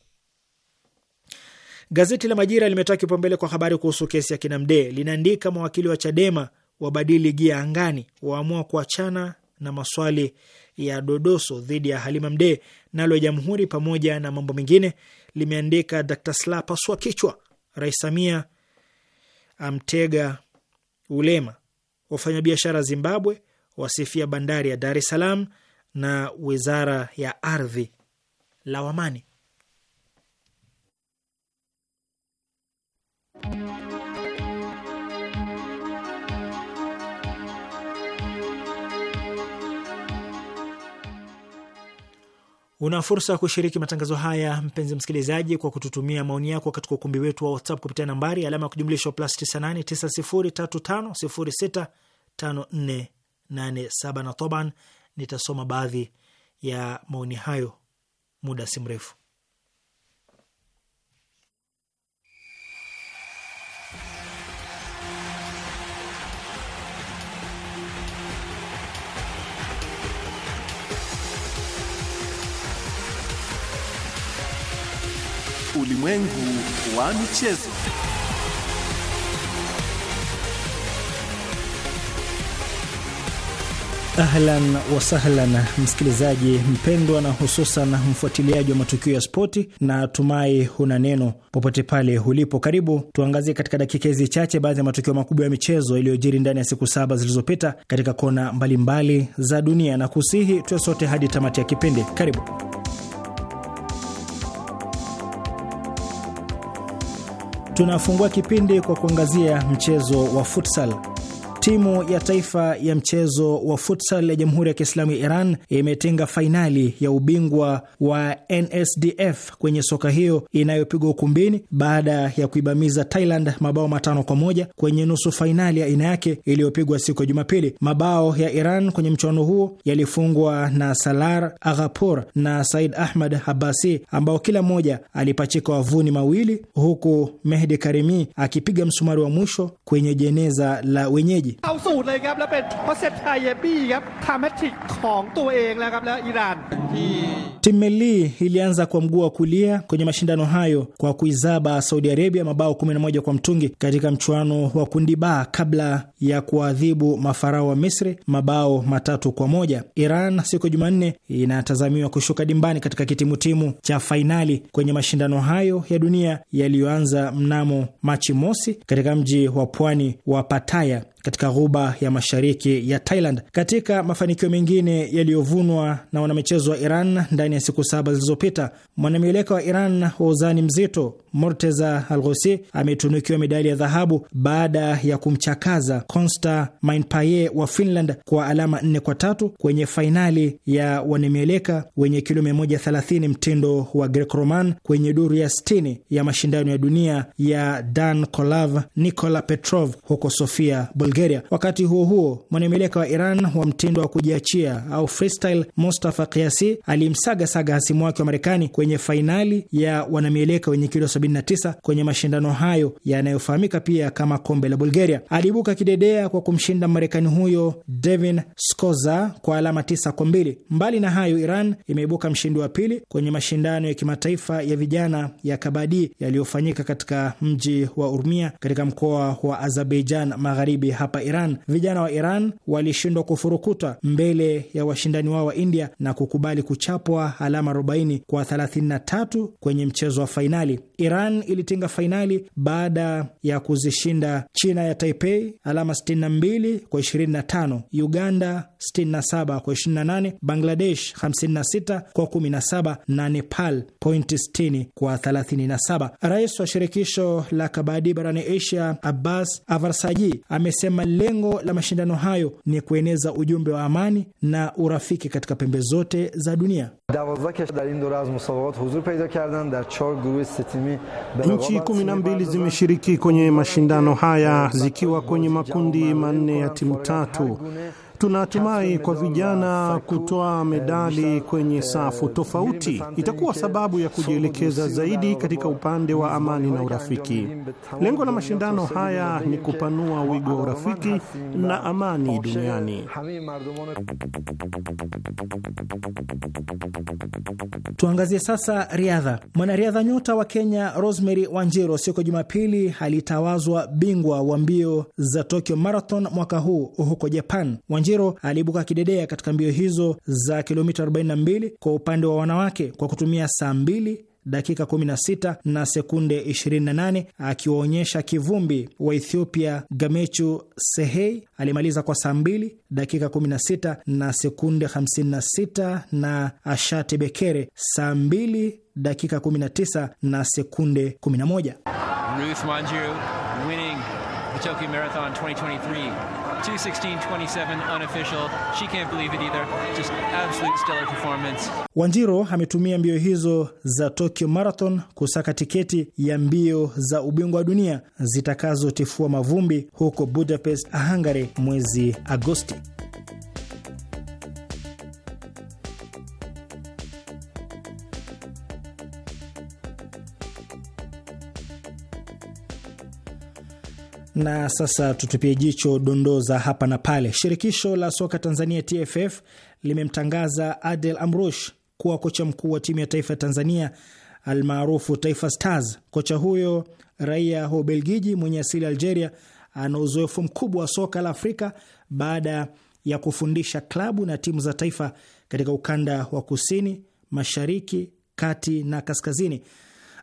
S3: Gazeti la Majira limetoa kipaumbele kwa habari kuhusu kesi ya Kinamdee. Linaandika mawakili wa Chadema wabadili gia angani, waamua kuachana na maswali ya dodoso dhidi ya Halima Mdee. Nalo Jamhuri pamoja na mambo mengine limeandika Dr. Slaa pasua kichwa, Rais Samia amtega ulema. Wafanyabiashara Zimbabwe wasifia bandari ya Dar es Salaam na wizara ya ardhi lawamani. Una fursa ya kushiriki matangazo haya mpenzi msikilizaji, kwa kututumia maoni yako katika ukumbi wetu wa WhatsApp kupitia nambari alama ya kujumlisha plus 989035065487 na toban. Nitasoma baadhi ya maoni hayo muda si mrefu.
S2: Ulimwengu wa michezo.
S3: Ahlan wasahlan, msikilizaji mpendwa na hususan mfuatiliaji wa matukio ya spoti, na tumai huna neno popote pale ulipo. Karibu tuangazie katika dakika hizi chache baadhi ya matukio makubwa ya michezo yaliyojiri ndani ya siku saba zilizopita katika kona mbalimbali mbali za dunia, na kusihi tuwe sote hadi tamati ya kipindi. Karibu. Tunafungua kipindi kwa kuangazia mchezo wa futsal. Timu ya taifa ya mchezo wa futsal ya Jamhuri ya Kiislamu ya Iran imetinga fainali ya ubingwa wa NSDF kwenye soka hiyo inayopigwa ukumbini baada ya kuibamiza Thailand mabao matano kwa moja kwenye nusu fainali ya aina yake iliyopigwa siku ya Jumapili. Mabao ya Iran kwenye mchuano huo yalifungwa na Salar Aghapur na Said Ahmad Habasi ambao kila mmoja alipachika wavuni mawili huku Mehdi Karimi akipiga msumari wa mwisho kwenye jeneza la wenyeji. เอาสูตรเลยครับ ilianza kwa mguu wa kulia kwenye mashindano hayo kwa kuizaba Saudi Arabia mabao 11 kwa mtungi katika mchuano wa kundi ba kabla ya kuadhibu mafarao wa Misri mabao matatu kwa moja. Iran siku Jumanne inatazamiwa kushuka dimbani katika kitimutimu cha fainali kwenye mashindano hayo ya dunia yaliyoanza mnamo Machi mosi katika mji wa pwani wa Pataya katika ghuba ya mashariki ya Thailand. Katika mafanikio mengine yaliyovunwa na wanamichezo wa Iran ndani ya siku saba zilizopita, mwanamieleka wa Iran wa uzani mzito Morteza Alghosi ametunukiwa medali ya dhahabu baada ya kumchakaza Consta Mainpaye wa Finland kwa alama nne kwa tatu kwenye fainali ya wanamieleka wenye kilo 130 mtindo wa grek roman kwenye duru ya 60 ya mashindano ya dunia ya Dan Kolav Nikola Petrov huko Sofia, Bulgaria. Bulgaria. Wakati huo huo, mwanamieleka wa Iran wa mtindo wa kujiachia au freestyle Mustafa Kiasi alimsagasaga hasimu wake wa Marekani kwenye fainali ya wanamieleka wenye kilo 79 kwenye mashindano hayo yanayofahamika pia kama kombe la Bulgaria. Aliibuka kidedea kwa kumshinda Marekani huyo Devin Scoza kwa alama 9 kwa mbili. Mbali na hayo, Iran imeibuka mshindi wa pili kwenye mashindano ya kimataifa ya vijana ya kabadi yaliyofanyika katika mji wa Urmia katika mkoa wa Azerbaijan Magharibi hapa Iran. Vijana wa Iran walishindwa kufurukuta mbele ya washindani wao wa India na kukubali kuchapwa alama 40 kwa 33 kwenye mchezo wa fainali. Iran ilitinga fainali baada ya kuzishinda China ya Taipei alama 62 kwa 25, Uganda 67 kwa 28, Bangladesh 56 kwa 17 na Nepal pointi 60 kwa 37. Rais wa shirikisho la kabadi barani Asia Abbas Avarsaji amesema amesema lengo la mashindano hayo ni kueneza ujumbe wa amani na urafiki katika pembe zote za dunia. Nchi kumi na mbili zimeshiriki
S5: kwenye mashindano haya zikiwa
S3: kwenye makundi manne ya timu tatu. Tunatumai kwa vijana kutoa medali kwenye safu tofauti itakuwa sababu ya kujielekeza zaidi katika upande wa amani na urafiki. Lengo la mashindano haya ni kupanua wigo wa urafiki na amani duniani. Tuangazie sasa riadha. Mwanariadha nyota wa Kenya Rosemary wanjiro siku Jumapili alitawazwa bingwa wa mbio za Tokyo Marathon mwaka huu huko Japan. Chiro aliibuka kidedea katika mbio hizo za kilomita 42 kwa upande wa wanawake kwa kutumia saa 2 dakika 16 na sekunde 28, akiwaonyesha kivumbi wa Ethiopia Gamechu Sehei alimaliza kwa saa 2 dakika 16 na sekunde 56, na Ashate Bekere saa 2 dakika 19 na sekunde 11.
S5: Ruth Manju winning the Tokyo Marathon 2023. 216.27 unofficial. She can't believe it either. Just absolute stellar performance.
S3: Wanjiro ametumia mbio hizo za Tokyo Marathon kusaka tiketi ya mbio za ubingwa wa dunia zitakazotifua mavumbi huko Budapest, Hungary mwezi Agosti. Na sasa tutupie jicho dondoo za hapa na pale. Shirikisho la soka Tanzania TFF limemtangaza Adel Amrush kuwa kocha mkuu wa timu ya taifa ya Tanzania almaarufu Taifa Stars. Kocha huyo raia wa Ubelgiji mwenye asili ya Algeria ana uzoefu mkubwa wa soka la Afrika baada ya kufundisha klabu na timu za taifa katika ukanda wa kusini, mashariki, kati na kaskazini.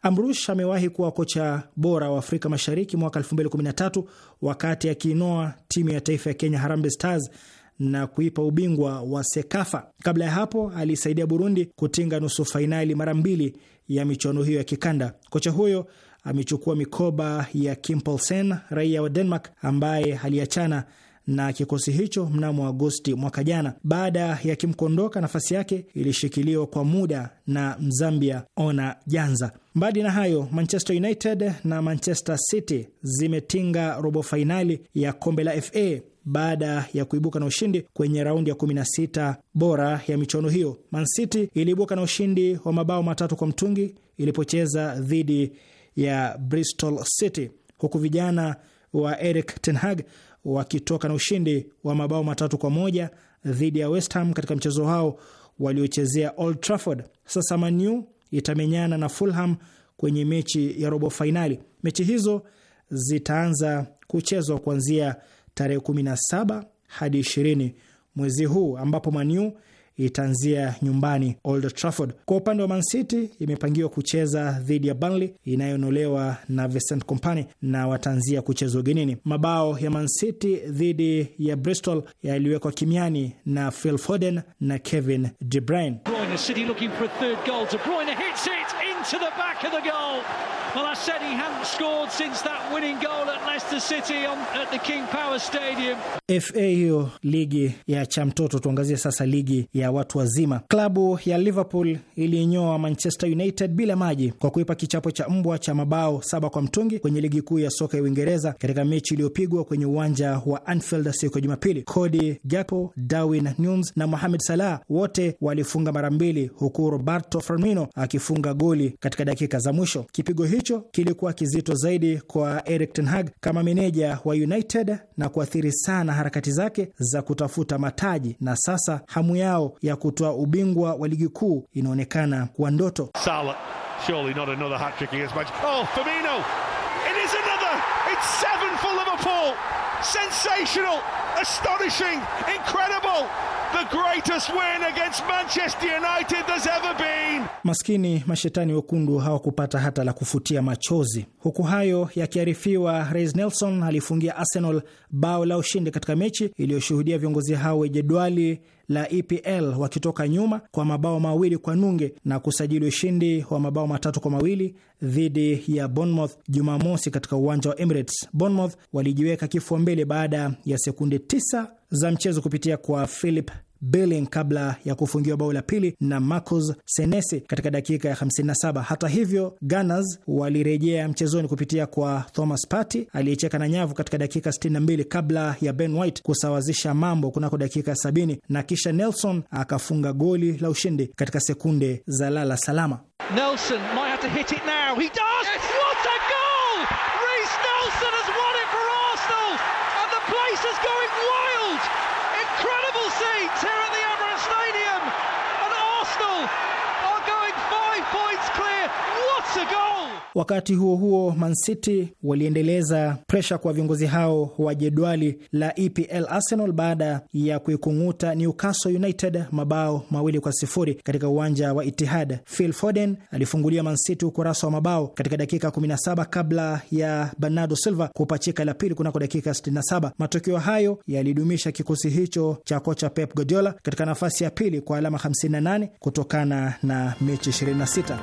S3: Amrush amewahi kuwa kocha bora wa Afrika Mashariki mwaka 2013 wakati akiinoa timu ya taifa ya Kenya Harambee Stars na kuipa ubingwa wa Sekafa. Kabla ya hapo, aliisaidia Burundi kutinga nusu fainali mara mbili ya michuano hiyo ya kikanda. Kocha huyo amechukua mikoba ya Kim Poulsen, raia wa Denmark, ambaye aliachana na kikosi hicho mnamo Agosti mwaka jana. Baada ya kimkondoka, nafasi yake ilishikiliwa kwa muda na Mzambia Ona Janza. Mbali na hayo, Manchester United na Manchester City zimetinga robo fainali ya kombe la FA baada ya kuibuka na ushindi kwenye raundi ya 16 bora ya michuano hiyo. Man City iliibuka na ushindi wa mabao matatu kwa mtungi ilipocheza dhidi ya Bristol City, huku vijana wa Eric ten Hag wakitoka na ushindi wa mabao matatu kwa moja dhidi ya West Ham katika mchezo hao waliochezea Old Trafford. Sasa Manu itamenyana na Fulham kwenye mechi ya robo fainali. Mechi hizo zitaanza kuchezwa kuanzia tarehe 17 hadi 20 mwezi huu ambapo Manu itaanzia nyumbani Old Trafford. Kwa upande wa Man City imepangiwa kucheza dhidi ya Burnley inayonolewa na Vincent Kompany na wataanzia kucheza ugenini. Mabao ya Man City dhidi ya Bristol yaliwekwa kimiani na Phil Foden na Kevin De Bruyne.
S1: Bruyne, City looking for a third goal. De Bruyne hits it into the back of the goal. Well, I said he hadn't scored since that winning goal at Leicester City on, at the King Power Stadium.
S3: FA hiyo ligi ya cha mtoto. Tuangazie sasa ligi ya watu wazima. Klabu ya Liverpool iliinyoa Manchester United bila maji kwa kuipa kichapo cha mbwa cha mabao saba kwa mtungi kwenye ligi kuu ya soka ya Uingereza katika mechi iliyopigwa kwenye uwanja wa Anfield siku ya Jumapili. Cody Gakpo, Darwin Nunes na Mohamed Salah wote walifunga mara mbili, huku Roberto Firmino akifunga goli katika dakika za mwisho. Kipigo hicho kilikuwa kizito zaidi kwa Erik ten Hag kama meneja wa United na kuathiri sana harakati zake za kutafuta mataji, na sasa hamu yao ya kutoa ubingwa wa ligi kuu inaonekana kuwa ndoto. Oh,
S1: Sensational. Astonishing, incredible. The greatest win against Manchester United there's ever been.
S3: Maskini mashetani wekundu hawakupata hata la kufutia machozi. Huku hayo yakiarifiwa, Reiss Nelson alifungia Arsenal bao la ushindi katika mechi iliyoshuhudia viongozi hao wa jedwali la EPL wakitoka nyuma kwa mabao mawili kwa nunge na kusajili ushindi wa mabao matatu kwa mawili dhidi ya Bournemouth Jumamosi katika uwanja wa Emirates. Bournemouth walijiweka kifua mbele baada ya sekunde tisa za mchezo kupitia kwa Philip billing kabla ya kufungiwa bao la pili na Marcus Senesi katika dakika ya 57. Hata hivyo, Gunners walirejea mchezoni kupitia kwa Thomas Party aliyecheka na nyavu katika dakika 62 kabla ya Ben White kusawazisha mambo kunako dakika 70 na kisha Nelson akafunga goli la ushindi katika sekunde za lala salama.
S1: Nelson might have to hit it now. He does! Yes!
S3: Wakati huo huo, Man City waliendeleza presha kwa viongozi hao wa jedwali la EPL Arsenal baada ya kuikung'uta Newcastle United mabao mawili kwa sifuri katika uwanja wa Itihad. Phil Foden alifungulia Man City ukurasa wa mabao katika dakika 17 kabla ya Bernardo Silva kupachika la pili kunako dakika 67. Matokeo hayo yalidumisha kikosi hicho cha kocha Pep Guardiola katika nafasi ya pili kwa alama 58 kutokana na mechi 26.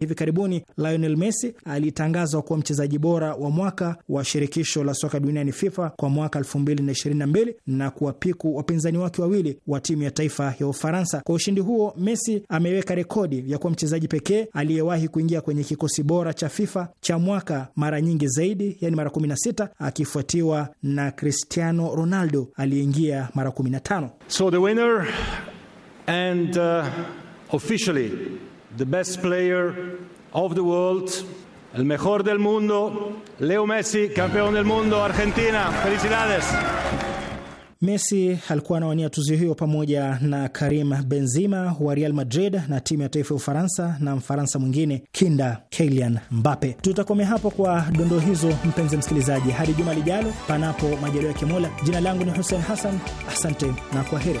S3: Hivi karibuni Lionel Messi alitangazwa kuwa mchezaji bora wa mwaka wa shirikisho la soka duniani FIFA kwa mwaka 2022 na kuwapiku wapinzani wake wawili wa timu ya taifa ya Ufaransa. Kwa ushindi huo, Messi ameweka rekodi ya kuwa mchezaji pekee aliyewahi kuingia kwenye kikosi bora cha FIFA cha mwaka mara nyingi zaidi, yani mara 16, akifuatiwa na Cristiano Ronaldo aliyeingia mara 15. So the winner and uh, officially the best player of the world, el mejor del mundo, Leo Messi, campeón del mundo, Argentina. Felicidades. Messi alikuwa anawania tuzo hiyo pamoja na Karim Benzema wa Real Madrid na timu ya taifa ya Ufaransa na Mfaransa mwingine kinda Kylian Mbappe. Tutakomea hapo kwa dondoo hizo, mpenzi msikilizaji, hadi juma lijalo, panapo majaliwa ya Kimola. Jina langu ni Hussein Hassan, asante na kwa heri.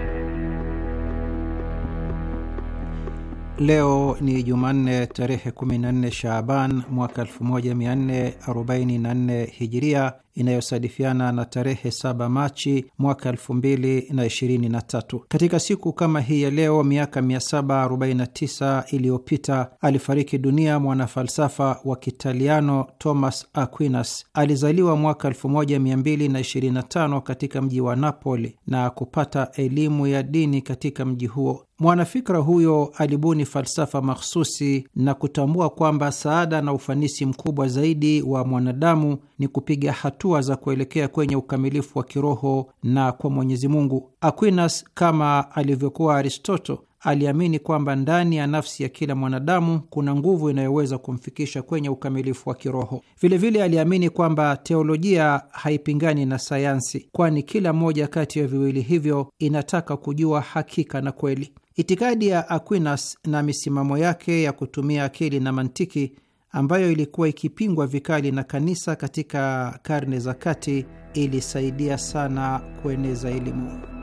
S5: Leo ni Jumanne tarehe 14 Shaaban mwaka 1444 Hijiria inayosadifiana na tarehe 7 Machi mwaka 2023. Katika siku kama hii ya leo miaka 749 iliyopita alifariki dunia mwanafalsafa wa Kitaliano Thomas Aquinas. Alizaliwa mwaka 1225 katika mji wa Napoli na kupata elimu ya dini katika mji huo. Mwanafikra huyo alibuni falsafa mahsusi na kutambua kwamba saada na ufanisi mkubwa zaidi wa mwanadamu ni kupiga hatua za kuelekea kwenye ukamilifu wa kiroho na kwa Mwenyezi Mungu. Aquinas, kama alivyokuwa Aristoto, aliamini kwamba ndani ya nafsi ya kila mwanadamu kuna nguvu inayoweza kumfikisha kwenye ukamilifu wa kiroho. Vilevile aliamini kwamba teolojia haipingani na sayansi, kwani kila moja kati ya viwili hivyo inataka kujua hakika na kweli. Itikadi ya Aquinas na misimamo yake ya kutumia akili na mantiki ambayo ilikuwa ikipingwa vikali na kanisa katika karne za kati ilisaidia sana kueneza elimu.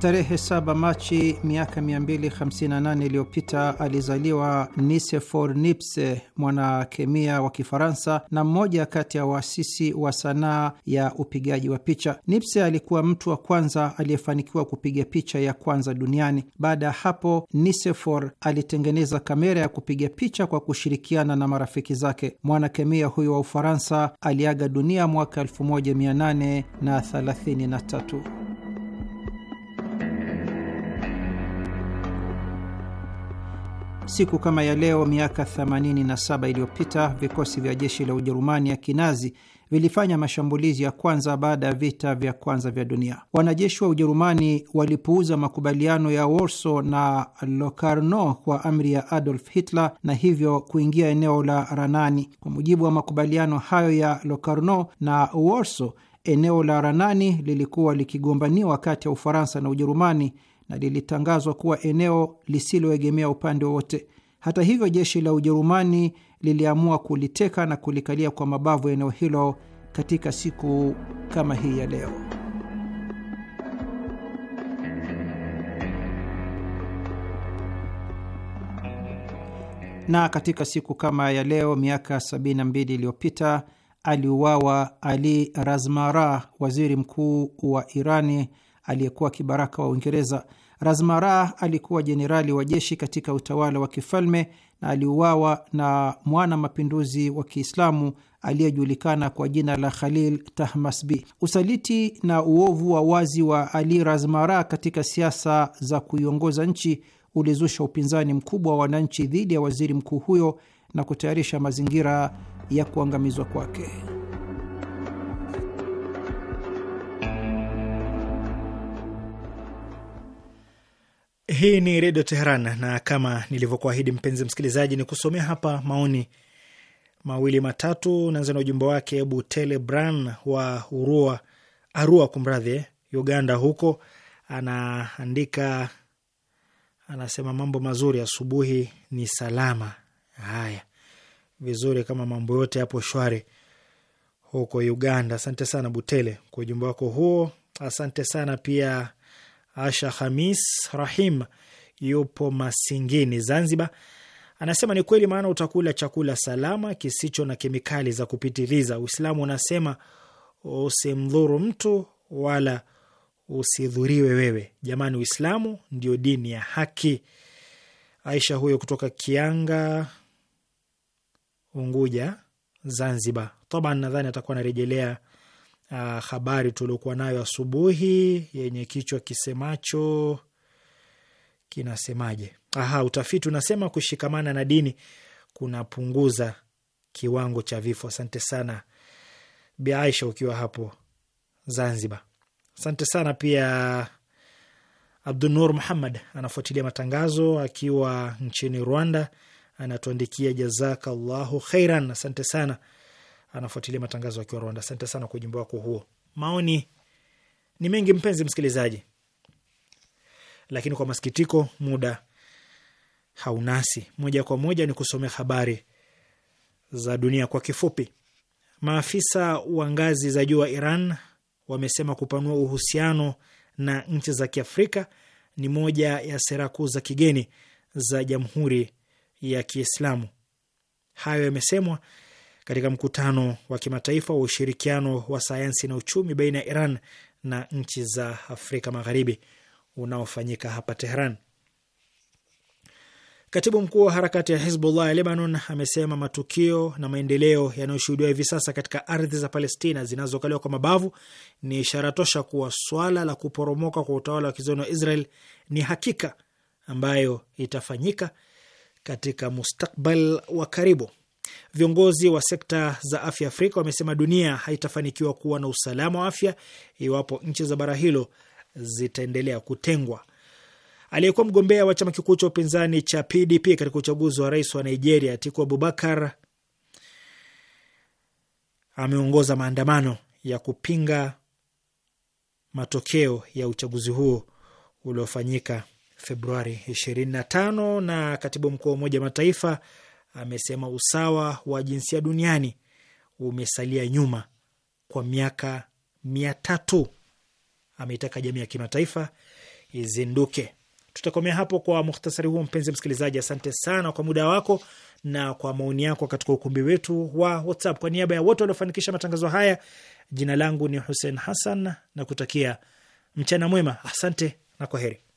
S5: Tarehe 7 Machi miaka 258 iliyopita alizaliwa Nisefor Nipse, mwanakemia wa Kifaransa na mmoja kati ya waasisi wa sanaa ya upigaji wa picha. Nipse alikuwa mtu wa kwanza aliyefanikiwa kupiga picha ya kwanza duniani. Baada ya hapo, Nisefor alitengeneza kamera ya kupiga picha kwa kushirikiana na marafiki zake. Mwanakemia huyo wa Ufaransa aliaga dunia mwaka 1833. Siku kama ya leo miaka 87 iliyopita vikosi vya jeshi la Ujerumani ya kinazi vilifanya mashambulizi ya kwanza baada ya vita vya kwanza vya dunia. Wanajeshi wa Ujerumani walipuuza makubaliano ya Warsaw na Locarno kwa amri ya Adolf Hitler na hivyo kuingia eneo la Ranani. Kwa mujibu wa makubaliano hayo ya Locarno na Warsaw, eneo la Ranani lilikuwa likigombaniwa kati ya Ufaransa na Ujerumani na lilitangazwa kuwa eneo lisiloegemea upande wowote. Hata hivyo, jeshi la Ujerumani liliamua kuliteka na kulikalia kwa mabavu eneo hilo katika siku kama hii ya leo. Na katika siku kama ya leo miaka 72 iliyopita aliuawa Ali Razmara, waziri mkuu wa Irani aliyekuwa kibaraka wa Uingereza. Razmara alikuwa jenerali wa jeshi katika utawala wa kifalme na aliuawa na mwana mapinduzi wa Kiislamu aliyejulikana kwa jina la Khalil Tahmasbi. Usaliti na uovu wa wazi wa Ali Razmara katika siasa za kuiongoza nchi ulizusha upinzani mkubwa wa wananchi dhidi ya waziri mkuu huyo na kutayarisha mazingira ya kuangamizwa kwake.
S3: Hii ni Redio Teheran, na kama nilivyokuahidi, mpenzi msikilizaji, ni kusomea hapa maoni mawili matatu. Naanza na ujumbe wake Butele Bran wa Urua, Arua kumradhi, Uganda huko, anaandika anasema, mambo mazuri, asubuhi ni salama. Haya, vizuri, kama mambo yote yapo shwari huko Uganda. Asante sana Butele kwa ujumbe wako huo. Asante sana pia Asha Hamis Rahim yupo Masingini, Zanzibar, anasema ni kweli, maana utakula chakula salama kisicho na kemikali za kupitiliza. Uislamu unasema usimdhuru mtu wala usidhuriwe wewe. Jamani, Uislamu ndio dini ya haki. Aisha huyo kutoka Kianga, Unguja, Zanzibar. Toba, nadhani atakuwa anarejelea uh, habari tuliokuwa nayo asubuhi yenye kichwa kisemacho kinasemaje? Aha, utafiti unasema kushikamana na dini kunapunguza kiwango cha vifo. Asante sana Bi Aisha, ukiwa hapo Zanzibar. Asante sana pia Abdunur Muhammad anafuatilia matangazo akiwa nchini Rwanda, anatuandikia jazakallahu khairan. Asante sana anafuatilia matangazo akiwa Rwanda. Asante sana kwa ujumbe wako huo. Maoni ni mengi, mpenzi msikilizaji, lakini kwa masikitiko muda haunasi. Moja kwa moja ni kusomea habari za dunia kwa kifupi. Maafisa wa ngazi za juu wa Iran wamesema kupanua uhusiano na nchi za Kiafrika ni moja ya sera kuu za kigeni za Jamhuri ya Kiislamu. Hayo yamesemwa katika mkutano wa kimataifa wa ushirikiano wa sayansi na uchumi baina ya Iran na nchi za Afrika Magharibi unaofanyika hapa Tehran. Katibu mkuu wa harakati ya Hizbullah ya Lebanon amesema matukio na maendeleo yanayoshuhudiwa hivi sasa katika ardhi za Palestina zinazokaliwa kwa mabavu ni ishara tosha kuwa swala la kuporomoka kwa utawala wa kizoni wa Israel ni hakika ambayo itafanyika katika mustakbal wa karibu. Viongozi wa sekta za afya Afrika wamesema dunia haitafanikiwa kuwa na usalama wa afya iwapo nchi za bara hilo zitaendelea kutengwa. Aliyekuwa mgombea wa chama kikuu cha upinzani cha PDP katika uchaguzi wa rais wa Nigeria, Atiku Abubakar, ameongoza maandamano ya kupinga matokeo ya uchaguzi huo uliofanyika Februari 25. Na katibu mkuu wa Umoja wa Mataifa amesema usawa wa jinsia duniani umesalia nyuma kwa miaka mia tatu. Ameitaka jamii ya kimataifa izinduke. Tutakomea hapo kwa muhtasari huo. Mpenzi msikilizaji, asante sana kwa muda wako na kwa maoni yako katika ukumbi wetu wa WhatsApp. Kwa niaba ya wote waliofanikisha matangazo haya, jina langu ni Hussein Hassan na kutakia mchana mwema. Asante na kwa heri.